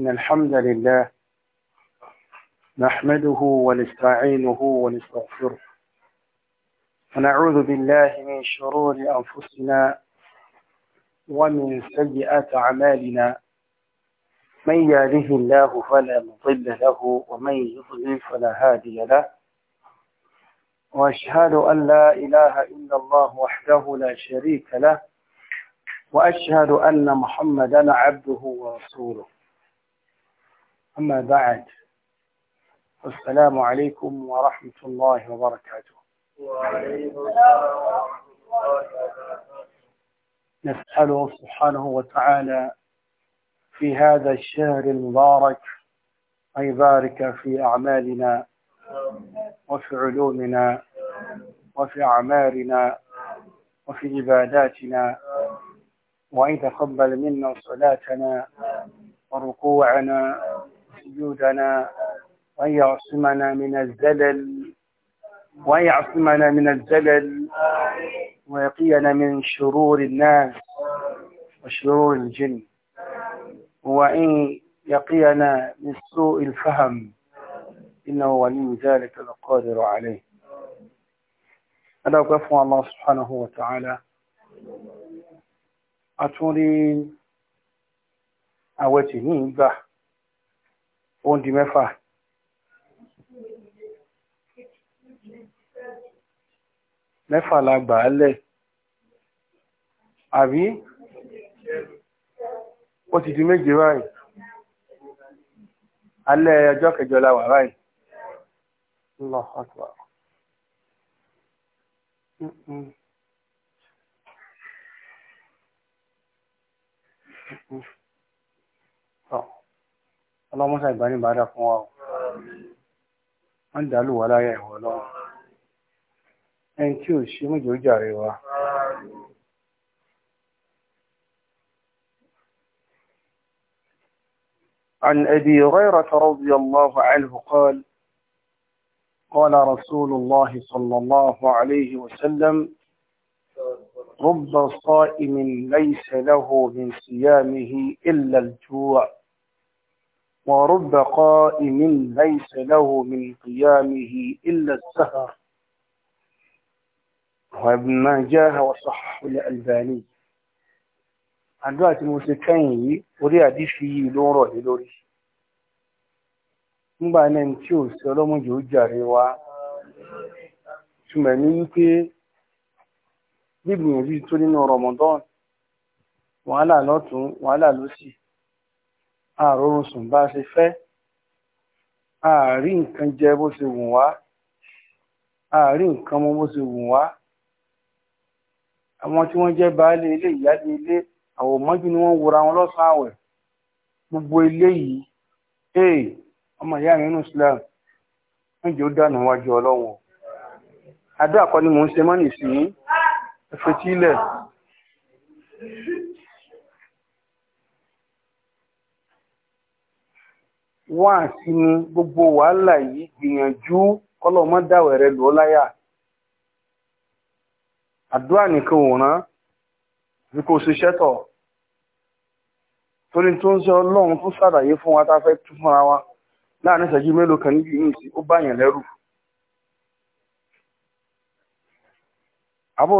إن الحمد لله نحمده ونستعينه ونستغفره ونعوذ بالله من شرور أنفسنا ومن سيئات أعمالنا من يهده الله فلا مضل له ومن يضلل فلا هادي له وأشهد أن لا إله إلا الله وحده لا شريك له وأشهد أن محمدا عبده ورسوله أما بعد السلام عليكم ورحمة الله وبركاته نسأله سبحانه وتعالى في هذا الشهر المبارك أن يبارك في أعمالنا وفي علومنا وفي أعمارنا وفي عباداتنا وأن يتقبل منا صلاتنا وركوعنا سجودنا وأن يعصمنا من الزلل وأن يعصمنا من الزلل ويقينا من شرور الناس وشرور الجن وإن يقينا من سوء الفهم إنه ولي ذلك القادر عليه ألو أفوى الله سبحانه وتعالى أتولي أوتني به ó ń di mẹ́fà. mẹ́fà la gbà á lẹ̀ àbí ó ti di méje báyìí alẹ́ ọjọ́ kẹjọ la wà báyìí lọ àgbà. Mm-mm. Mm-mm. ọlọ́mọṣà ìgbà ní ìbádà fún wa o wọ́n dàálù wà láyà ìwọ̀ ọlọ́run عن أبي غيرة رضي الله عنه قال قال رسول الله صلى الله عليه وسلم رب صائم ليس له من صيامه إلا الجوع ورب قائم ليس له من قيامه إلا السهر وابن ماجه وصححه الألباني àdúrà tí mo ṣe kẹ́yìn yìí orí àdífi yìí ló ń rọ̀ lé lórí nígbà náà ní tí ò sí ọlọ́mọdé ó jàre wá túmọ̀ ní wípé bíbí tó nínú Ramadan wàhálà lọ́tún wàhálà lọ́sì àròrun sùn bá a ṣe fẹ́ àárí nǹkan jẹ bó ṣe wù wá àárí nǹkan mọ bó ṣe wù wá àwọn tí wọ́n jẹ́ baálé ilé ìyáálé ilé àwọn mọ́jú ni wọ́n wura wọn lọ́sàn-án àwẹ̀ gbogbo ilé yìí ee ọmọ ìyá mi nínú Islam wọ́n ó dànù wájú Ọlọ́run àdúrà kọ́ mò ń ṣe mọ́ nìsín ẹ fetílẹ̀. wá sínú gbogbo wàhálà yìí gbìyànjú kọ́lọ̀ mọ́ dáwẹ̀ rẹ lò láyà àdúrà nìkan ò rán bí kò ṣiṣẹ́ tọ̀ torí tó ń sọ ọlọ́run tó ṣàlàyé fún wa tá a fẹ́ tún fúnra wa láàrin ìṣẹ́jú mélòó kan níbi yìí sí ó báyàn Abu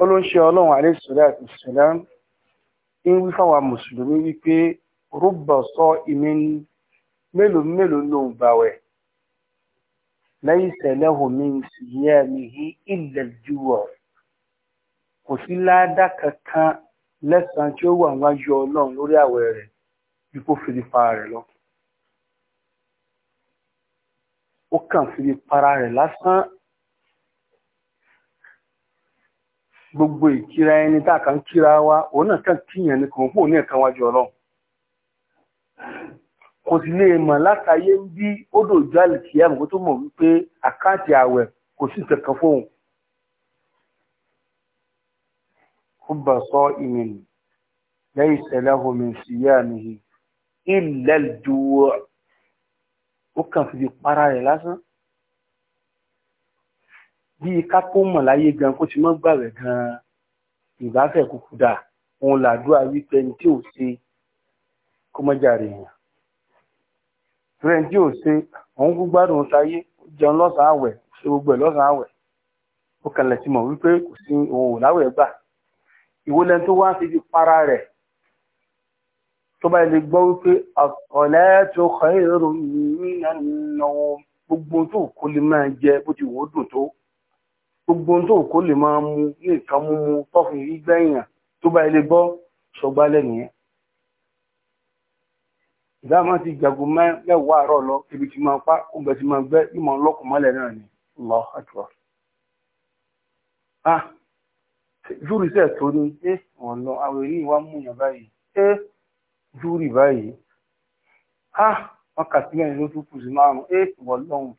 ó ló ń ṣe ń wí fáwa mùsùlùmí wípé rúbọ̀ sọ ìmí mélòó mélòó ló ń gbàwẹ̀ laysa lahu min siyamihi illa al-ju' kò sí ládàá kankan lẹ́sàn-án tí ó wà wájú ọlọ́run lórí àwẹ̀ rẹ̀ bí kò fi para rẹ̀ lọ. ó kàn fi para rẹ̀ lásán gbogbo ìkíra ẹni tá a kàn kíra wa òun náà kàn kíyàn ní kò fún òun ní ẹ̀kan wájú ọlọ́run kò sì lè mọ̀ látàyé ń bí ó dòjú àlìkíyà mọ̀ tó mọ̀ wípé àkáǹtì ààwẹ̀ kò sí ìkẹ̀kọ̀ fóun. Hubba sọ ìmìn lẹ́yìn ìṣẹ̀lẹ̀ omi ìṣìyà mi ilẹ̀ ìdúwọ̀ ó kàn fi para rẹ̀ lásán bíi kápó mọ̀ láyé gan kó ti mọ́ gbàwẹ̀ gan ìbáfẹ́ kúkú dà òun làdúrà wípé ẹni tí ò ṣe kó mọ́ jàre èèyàn rẹ̀ tí ò ṣe òun kú gbádùn sáyé jẹun lọ́sàn-án àwẹ̀ ṣe gbogbo ẹ̀ lọ́sàn-án àwẹ̀ ó kànlẹ̀ ti mọ̀ wípé kò sí òun ò láwẹ̀ gbà ìwọlẹ̀ tó wá ń fi para rẹ̀ tó bá lè gbọ́ wípé ọ̀lẹ́ tó kọ́ èrò nínú gbogbo tó kó lè máa jẹ bó ti wò ó dùn tó gbogbo ohun tó kó lè máa mu ní nǹkan múmu tọ́fìn rí gbẹ̀yìn tó bá ilé gbọ́ sọgbà lẹ́nìyẹn ìdáàmà ti jago mẹ́wàá àárọ̀ lọ ibi tí máa pa oúnjẹ tí máa gbẹ́ ìmọ̀ ọlọ́kùn mọ́lẹ̀ náà ni lọ àjọ ah, júrì sẹ́ẹ̀ tó ní ẹ wọ́n lọ àwọn èyí wá mú yàn báyìí ẹ júrì báyìí ah wákàtí mẹ́rin ló tún kù sí márùn-ún ẹ wọ́n lọ́hùn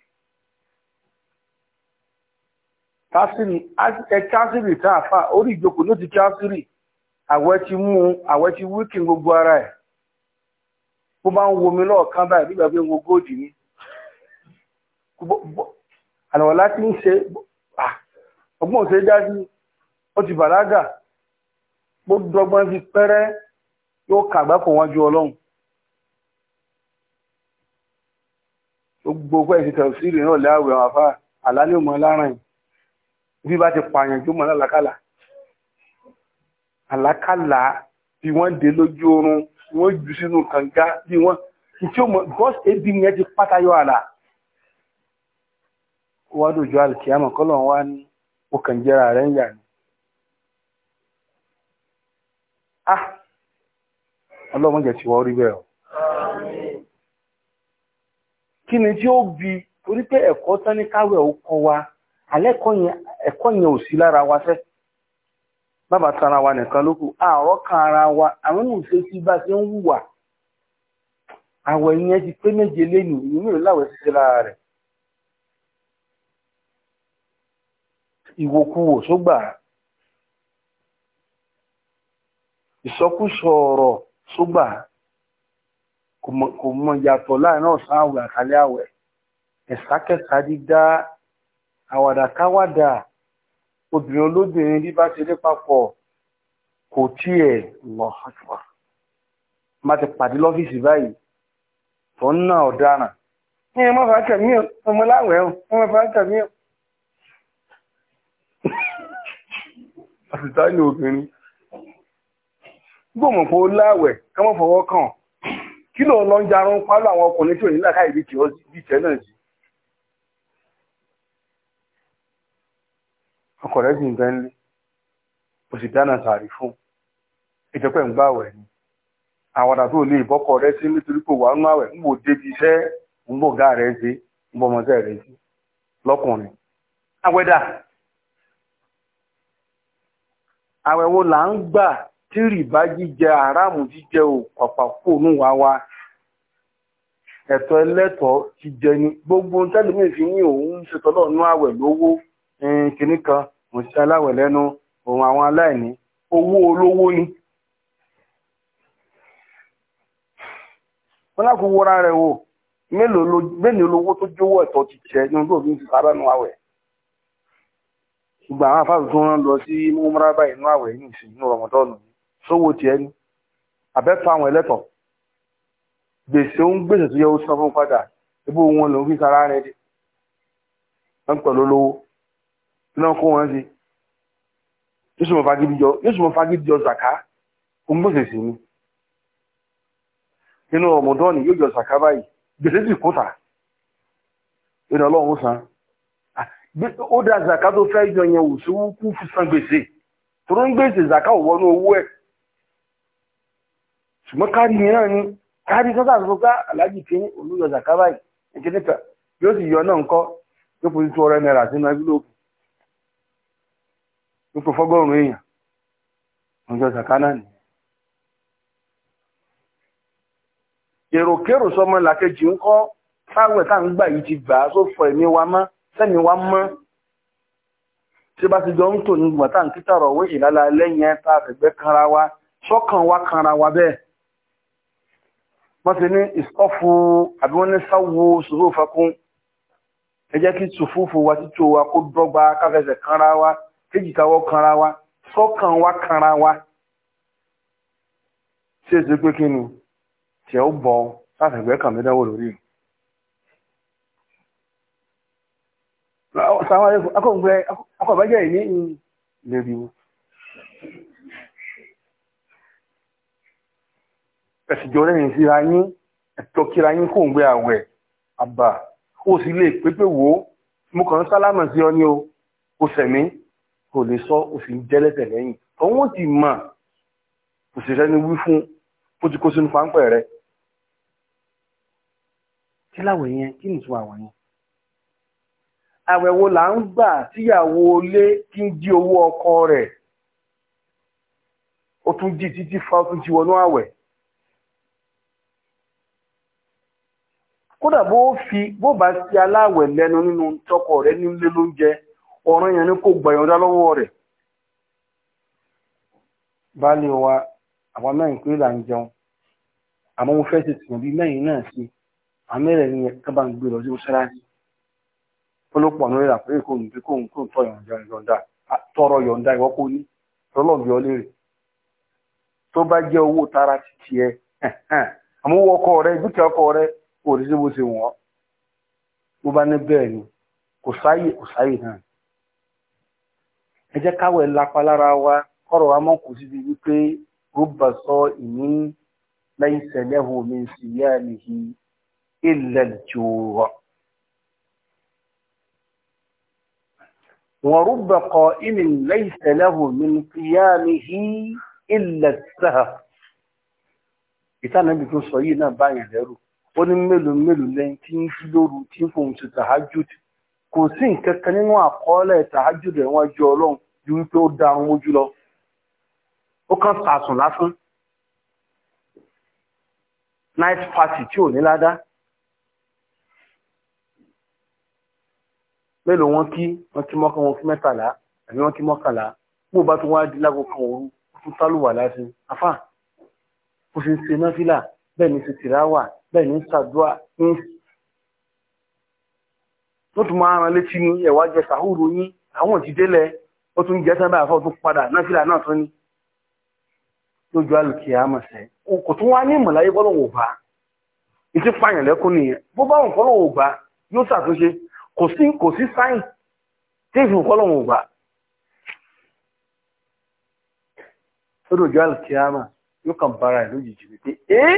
kásìrì tá a fà orí ìjókòó ló ti kásìrì àwẹ̀ ti mú àwẹ̀ ti wíkì gbogbo ara ẹ̀ bó bá ń womi lọ́ọ̀kan báyìí nígbà pé ń wo góòdì ni àlọ́ láti ń ṣe ọgbọ́n òṣèré dájú ó ti bàlágà bó dọ́gbọ́n fi pẹ́rẹ́ yóò kàgbá kò wọ́n ju ọlọ́run gbogbo ẹ̀sìn tẹ̀síìrì náà láàwẹ̀ àwọn afá àlá ní yìí bí bá ti pààyàn jó mọ́ lálàkàlà àlákàlà bí wọ́n dé lójú oorun wọ́n jù sínú kànga bí wọ́n tí ó mọ̀ gọ́ọ̀sì ebi yẹn ti pátayọ àlà wọ́n dòjọ́ alìkíyàmọ̀ kọ́lọ̀ wá ní ó kàn jẹ́ra ń yà ní. ah ọlọ́mọ jẹ̀ tí wọ́n rí bẹ́ẹ̀ o kí ni tí ó bi torí pé ẹ̀kọ́ tán ní káwẹ̀ ó kọ wa alẹ́kọ̀ọ́ yẹn ẹ̀kọ́ yẹn ò sí lára wa fẹ́ bàbá tara wa nìkan lókù àárọ̀ kan ara wa àwọn ènìyàn ṣe sí bá ṣe ń hùwà àwọ̀ ìyẹn ti pé méje lẹ́nu ìmú ìláwẹ̀ ṣiṣẹ́ lára rẹ̀ ìwòkuwò sógbà ìsọkúsọ ọ̀rọ̀ sógbà kò mọ ìyàtọ̀ láàrin ọ̀sán àwẹ̀ àkálẹ̀ àwẹ̀ ẹ̀sákẹ́sá dídá àwàdàkáwàdà obìnrin olóbìnrin bí bá ṣe lé papọ̀ kò tí ẹ̀ lọ àjùwà má ti pàdé lọ́fíìsì báyìí tó ń ná ọ̀daràn ní ẹ má fà kẹ̀mí ọmọ láwẹ̀ ọ ẹ má fà kẹ̀mí ọ. àfìtá ni obìnrin gbọ́mọ̀ fún láwẹ̀ ká má fọwọ́ kàn kí ló lọ ń jarun pálọ̀ àwọn ọkùnrin tí ò ní làkàyè bí tiẹ̀ náà sí. ọkọ sì ń bẹ́ ńlé kò sì dáná sàárì fún ìjọpẹ́ ń gbàwẹ̀ ni lè bọ́kọ rẹ sí nítorí kò wà nínú ń wò débi iṣẹ́ ń bọ̀ gá rẹ̀ ṣe ń bọ̀ ọmọọṣẹ́ ṣe lọ́kùnrin. àwẹ̀ wo là ń gbà tí rìbá jíjẹ àràmù jíjẹ ò nù wá wa ẹ̀tọ́ kìíní kan mùsùlùmí aláwẹ̀ lẹ́nu òun àwọn aláìní owó olówó ni. wọn láti wọra rẹ̀ wò mélòó olówó tó jówó ẹ̀tọ́ ti jẹ ní ojú òfin sábà nù àwẹ̀ gbogbo àwọn afáàlù tó ń lọ sí múmúra báyìí àwẹ̀ yìí sí inú rọmọdọ́nù sówó tiẹ̀ ni abẹ́tọ̀ àwọn ẹlẹ́tọ̀ gbèsè ń gbèsè tó yẹ ó sọ fún padà ibú wọn lòún fi sára rẹ̀ dé wọn pẹ̀lú olówó náà kó wọn sí yóò sùnmọ́ fagídíjọ yóò zaka òun gbèsè sí ni nínú zaka báyìí gbèsè sì kúta ìrìn ọlọ́run san ó zaka tó fẹ́ yọ yẹn òsì wúkú san gbèsè tó zaka ò wọnú owó ẹ̀ ṣùgbọ́n kárí mìíràn sasa kárí sọ́tà tó ká aláàjì kí zaka báyìí ẹ̀kẹ́ níta yóò sì yọ náà ń kọ́ yóò fojú tó ọrẹ náírà ó pè fọ́gọ́rùn èèyàn ọjọ́ sàkánà ni èròkérò sọmọ làkejì ń kọ́ fáwẹ̀ tá ń gbà yìí ti gbà á sófọ ẹ̀mí wa mọ́ sẹ́mi wa mọ́ tí bá ti jọ ń tò ní gbọ̀n ń títà rọ̀ wé lẹ́yìn ẹ̀ta àfẹ̀gbẹ́ kanra wa sọ́kàn wa kanra wa bẹ́ẹ̀ wọ́n ti ní ìsọ́fù àbí wọ́n ní sáwo sùúrù fakún kí sùfúfù wa títò wa kó dọ́gba káfẹsẹ̀ kanra wa kéjì táwọ́ kanra wa sọ́kàn wa kanra wa tí èsì pé kí ni tí ó bọ̀ látàgbẹ́ kàn mí dánwò lórí sáwọn akọ̀gbẹ́ akọ̀bẹ́jẹ́ ìní lèbi wọn ẹ̀sìn jọ lẹ́yìn síra yín ẹ̀tọ́ kíra yín kò ń gbé àwẹ̀ àbà ó sì lè pépè wò ó mo kàn ń sálámà sí ọ ní o kò sẹ̀mí kò lè sọ òfin jẹ́lẹ́sẹ̀ lẹ́yìn òun ó ti mọ̀ kò sì rẹ́ni wí fún bó ti kó sínú páńpẹ́ rẹ̀ kí láwẹ̀ yẹn kí nìtú àwẹ̀ yẹn àwẹ̀ wo là ń gbà tíyàwó ilé kí ń jí owó ọkọ rẹ̀ ó tún jí títí fa ó tún wọnú àwẹ̀ kódà bó fi bó bá sí aláwẹ̀ lẹ́nu nínú tọkọ rẹ̀ nílé lóúnjẹ ọ̀ràn yẹn ni kò gbàyọ̀dá lọ́wọ́ rẹ̀ baálé wa àwọn mẹ́rin pé là ń jẹun àmọ́ mo fẹ́ ti tìyàn bí mẹ́rin náà sí àmẹ́rẹ̀ lọ sí mọ́ṣáláṣí àwọn pé kò ní pé kò ń kò ń tọ́ yọ̀ǹda tọrọ yọ̀ǹda ìwọ́ kò ní lọ́lọ́bì ọ léèrè tó bá owó tara ti àmọ́ owó ọkọ rẹ dúkìá ọkọ rẹ kò rí sí bó ṣe bá ní bẹ́ẹ̀ ni kò sáyè ẹ jẹ́ káwọ̀ ẹ̀ lápá lára wa kọ́rọ̀ wa mọ́ kò síbi wípé rúbà sọ ìní lẹ́yìn sẹ̀lẹ̀ omi sí yá nìyí ilẹ̀ jòrò. wọ́n rúbà kọ ìní lẹ́yìn sẹ̀lẹ̀ omi sí yá nìyí ilẹ̀ sáà. ìtànà ibi tó sọ yìí náà báyìí lẹ́rù ó ní mélòó mélòó lẹ́yìn tí ń fi lóru tí ń fohùn sí tàhájúd kò sí nǹkan kan nínú àkọọ́lẹ̀ tàhájúd rẹ̀ wọ́n jọ ọlọ́run ju wípé ó dá ohun ojú lọ ó kàn sàsùn lásán night party tí ò ní ládá mélòó wọn kí wọn kí mọ́kàn wọn kí mẹ́tàlá àbí wọn kí mọ́kànlá bó bá tún wá di lágbo kan òru ó tún tálùwà láti afá ó sì ń se náfìlà bẹ́ẹ̀ ni ṣe tìráwà bẹ́ẹ̀ ni ń ṣàdúrà ń wọ́n tún máa ran létí ní ẹ̀wà jẹ sàhúrò yín àwọn òjì délẹ̀ ó tún jẹ́ sábà àfọ́ tó padà náfìlà náà tó ní lójú alùkì àmọ̀sẹ̀ kò tún wá ní ìmọ̀láyé bọ́lọ̀wọ̀ bá ìtí fàyàn lẹ́kún nìyẹn bó bá wọn kọ́lọ̀wọ̀ bá yóò ṣàtúnṣe kò sí kò sí sáyìn tí ìfún kọ́lọ̀wọ̀ bá lójú alùkì àmọ̀ yóò kàn bára ẹ̀ lójijì wípé ee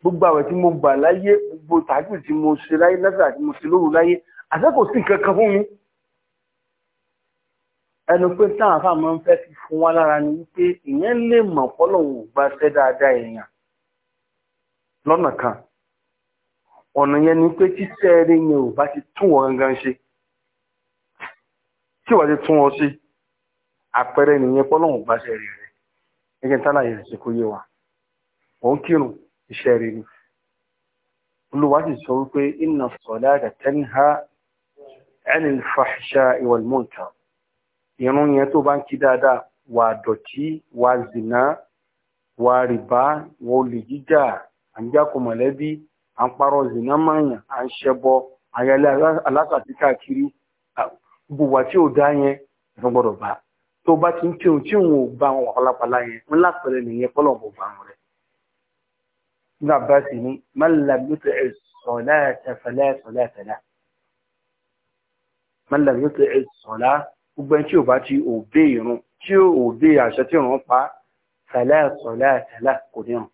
gbogbo àwẹ̀ tí mo gbà láyé gbogbo tàbí tí mo ṣe láyé lásìkò àti mo ṣe lóru láyé àṣẹ kò sí nǹkan kan fún mi ẹnu pé táwọn fáwọn ń fẹ́ fi fún wa lára ni wípé ìyẹn lè mọ̀ fọ́lọ́hún gbaṣẹ́ dáadáa èèyàn lọ́nà kan ọ̀nà yẹn ni pé títẹ́ eré yẹn ò bá ti tún wọ gangan ṣe tí wàá ti tún ọ sí àpẹẹrẹ nìyẹn tálà yẹn wa kírun iṣẹ́ ni olùwà sì sọ wípé irun yẹn tó bá ń kí dáadáa wà dọ̀tí wà zìnà wà rìbá wà olè jíjà à ń jákò mọ̀lẹ́bí à ń parọ́ zìnà mọ̀nyàn à ń ṣẹbọ àyálẹ́ alásàtí káàkiri gbogbo àti òdá yẹn ẹ̀fọn gbọ́dọ̀ bá tó bá ti ń tíhun tí òun ò bá wọn pàlápàlá yẹn ńlá pẹ̀lẹ́ nìyẹn pọ́lọ́mù bá wọn rẹ̀. ní àbáṣe ni má làbútẹ̀ sọ̀lá ẹ̀fẹ̀lẹ́ sọ̀lá ẹ̀fẹ̀lá má làbútẹ̀ sọ̀lá gbogbo ẹni tí ò bá ti òbé ìrun tí ò òbé àṣẹ tí ìrun pa sàlẹ́ẹ̀sọ̀lẹ́ àtẹ̀lá kò ní hàn.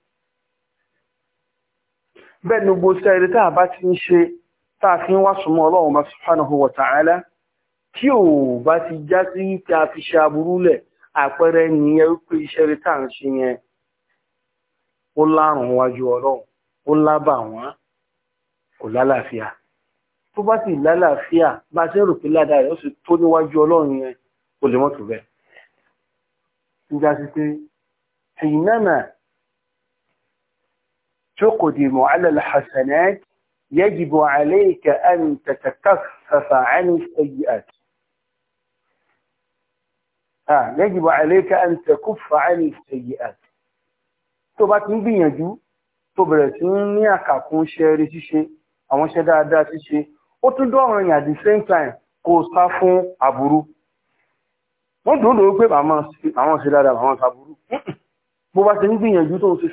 bẹ́ẹ̀ ni gbogbo sẹ́ẹ̀rẹ́ tá a bá ti ń ṣe tá a fi ń wá súnmọ́ ọlọ́run bá subhanahu wa ta'ala tí ò bá ti já sí tá a fi ṣe aburú lẹ̀ àpẹẹrẹ nìyẹn wípé iṣẹ́ rẹ̀ tá à ń ṣe yẹn ó lárùn wájú ọlọ́run ó lábà wọ́n kò lálàáfíà tó bá sì lálàáfíà bá ṣe ń rò pé ládàá rẹ̀ ó sì tó níwájú ọlọ́run yẹn ó lè mọ́tò bẹ́ẹ̀. nígbà sí pé حينما تقدم على الحسنات يجب عليك أن تتكفف عن السيئات آه يجب عليك أن تكف عن السيئات tó bá ti ń gbìyànjú tó bẹ̀rẹ̀ sí ní àkàkún ṣe ṣíṣe àwọn ṣe dáadáa ṣíṣe ó tún dọ́rùn yàn at the same time ko sá fún aburu. wọ́n dùn lórí pé àwọn ṣe dáadáa àwọn ṣàbúrú bó bá ti ń gbìyànjú tó ń fi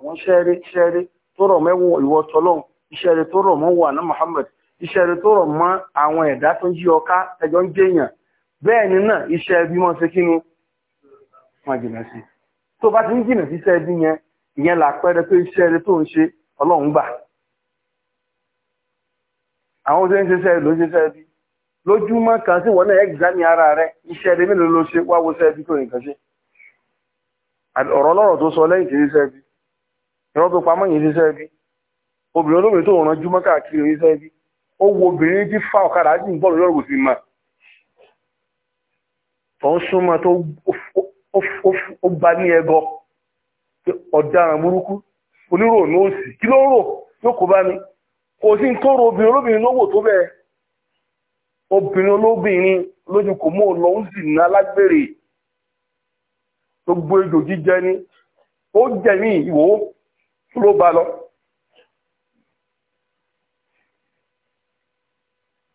àwọn ṣẹ́rí ṣẹ́rí tó rọ̀ mẹ́wọ̀ ìwọ tọ́lọ́hún iṣẹ́ tó rọ̀ mọ́ wà ní Muhammad tó rọ̀ mọ́ àwọn ẹ̀dá tó ń yí ọká ẹjọ́ ń bẹ́ẹ̀ ni náà iṣẹ́ ẹbí ṣe kí àwọn tó ń ṣiṣẹ́ ló ń ṣiṣẹ́ bí lójúmọ́ kan sí náà ara rẹ̀ iṣẹ́ rẹ̀ mélòó ló ṣe wo ṣẹ́ bí tó nìkan ṣe ọ̀rọ̀ lọ́rọ̀ tó sọ lẹ́yìn kìí ṣiṣẹ́ bí ẹ̀rọ tó pamọ́ yìí ṣiṣẹ́ bí obìnrin olóbìnrin tó ràn júmọ́ káàkiri bí ó wo obìnrin tí fa ọ̀kadà sí ìbọ̀lù lọ́rọ̀ kò sí mà tó ń súnmọ́ tó ó gba ní ẹgọ ọ̀daràn burúkú òsì kí ló rò yóò kó bá mi kò sí tó ro obìnrin olóbìnrin lówó tó bẹ́ẹ̀ obìnrin olóbìnrin lójú kò mọ́ lọ sì ná lágbèrè tó gbó ejò jíjẹ ní ó jẹ̀mí ìwò ló bá lọ.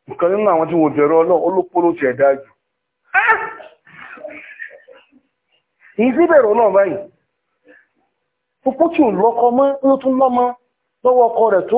nǹkan nínú àwọn tí wọ́n jẹ̀rọ náà olópóló ti ẹ̀dá jù. ìsíbẹ̀rọ náà báyìí púpọ̀ tí ò lọ́kọ mọ́ ọkọ rẹ̀ tó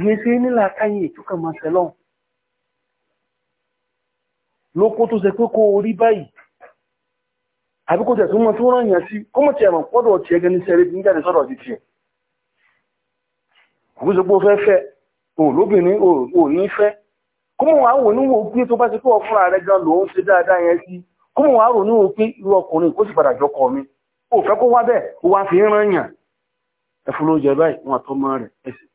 ìyẹn ṣe nílà káyìn ìtúkà máa tẹ̀lọ́ lókó tó ṣe pé kó orí báyìí àbí kó tẹ̀ tó mọ́ tó rán ìyàn sí kó mọ̀ tí ẹ̀mọ̀ pọ́dọ̀ tí ẹgẹ́ ní sẹ́rẹ́ ní jáde sọ́dọ̀ ti tiẹ̀ kò sí pé ó fẹ́ fẹ́ o lóbìnrin o ní fẹ́ kó mọ̀ wá wò níwò pé tó bá ti pé ọkùnrin ààrẹ gan lòún ṣe dáadáa yẹn sí kó mọ̀ rò níwò pé irú ọkùnrin kó sì padà jọkọ mi o fẹ́ kó wá bẹ́ẹ̀ o fi ń rán yàn ẹ̀fọ́ ló jẹ báyìí wọn àtọ́ mọ́ rẹ̀ ẹ̀sìn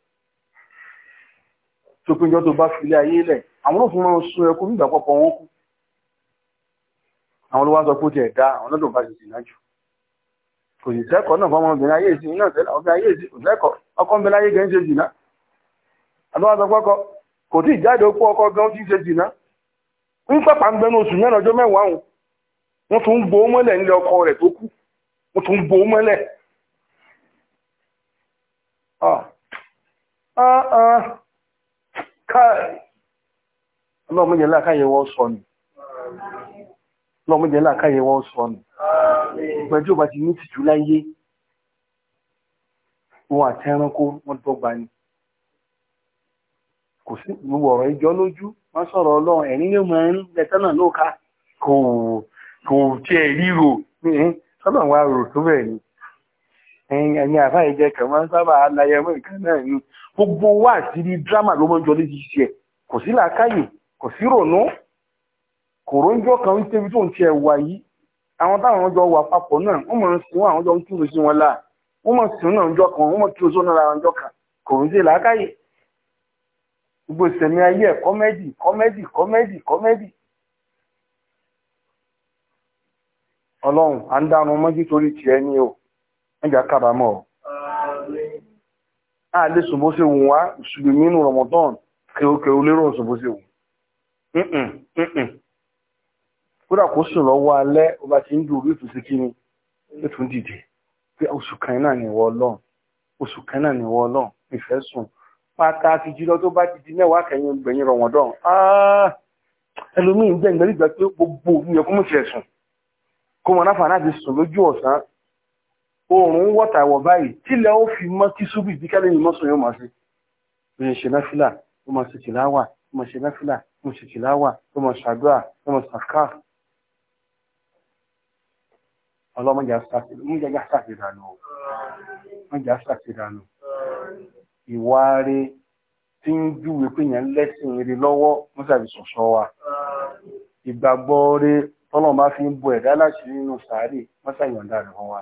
tó péjọ tó bá filé ayé lẹ̀ àwọn ló fún wọn sun ẹkún nígbà pọ̀pọ̀ wọn kú àwọn ló wá sọ pé ó ti ẹ̀dá àwọn lọ́dún bá ti dìnnà jù kò sì sẹ́kọ̀ọ́ náà fọmọ obìnrin ayé ìsìn náà tẹ́lẹ̀ obìnrin ayé ìsìn kò sẹ́kọ̀ọ́ ọkọ ń bẹ láyé gan ṣe dìnnà àdúrà sọ pọ́kọ kò tí ì jáde ó kó ọkọ gan ti ṣe dìnnà ń pàpà ń bẹnu oṣù mẹ́rin ọjọ́ mẹ́wàá òun wọ́n tún gbó mọ́lẹ̀ nílé ọkọ rẹ̀ tó kú wọ́n tún gbó mọ́lẹ̀ ah ah ah káàrí ọlọ́mọdé láàkáyẹ wọ́n sọ ni ọlọ́mọdé láàkáyẹ wọ́n sọ ni ìgbẹ́jọ́ bá ti ní tìjú láyé wọn àti ẹranko wọn dọ́gba ni kò sí gbogbo ọ̀rọ̀ ìjọ lójú wọ́n sọ̀rọ̀ ọlọ́run ẹ̀rín ní mọ̀ ẹ̀rín lẹ́tọ́nà lóka kò tiẹ̀ ríro ni ẹ̀yìn àfá ìjẹ kẹ̀mọ́ sábà aláyẹmọ́ ìkan náà ni gbogbo wà sí ní drama ló mọ́jọ lé ṣiṣẹ́ kò sí làákàyè kò sí rònú kòrónjọ́ kan ń tẹ́bi tó ń tiẹ̀ wà yìí àwọn táwọn jọ wà papọ̀ náà wọ́n mọ̀ sí wọn àwọn jọ ń kírun sí wọn láà wọ́n mọ̀ sí náà ọjọ́ kan wọ́n mọ̀ kírun sí wọn lára ọjọ́ kan kò ń ṣe làákàyè gbogbo ìsẹ̀mí ayé ẹ̀ kọ́mẹ́dì kọ́mẹ́dì kọ́mẹ́dì kọ́mẹ́dì ọlọ́run à ń dánu mọ́jú torí tiẹ̀ ni o. ẹjà kábàámọ̀ a lè ṣe wù wá ṣùgbùmí inú Ramadan kẹrùkẹrù lérò sùn ṣe wù kódà kó lọ́wọ́ alẹ́ ti ń dùn orí kí ni dìde pé oṣù ni oṣù ni ìfẹ́ sùn tó bá ti mẹ́wàá kẹyìn gbẹ̀yìn Ramadan ah! ẹlòmíín jẹ́ ìgbẹ́lẹ́gbẹ́ pé gbogbo òun yẹ kó oòrùn wọ̀tàwọ̀ báyìí tílẹ̀ ó fi mọ́ kí súbì bí kẹ́lẹ́ yìí mọ́sùn yóò máa ṣe ó ṣe náfìlà ó máa ṣe tìláwà ó máa ṣe náfìlà ó máa ṣe tìláwà ó máa ṣàdúrà ó máa ṣàkà ọlọ́mọjà ṣàṣìdànù ọjà ṣàṣìdànù ìwà rẹ̀ tí ń júwe pé yẹn lẹ́sìn rẹ̀ lọ́wọ́ mọ́sàbí sọ̀sọ́ wa ìgbàgbọ́ rẹ̀ tọ́lọ́mọ bá fi ń bo ẹ̀dá láṣìírí nínú sàárè mọ́sàyọ̀ǹda rẹ̀ fún wa.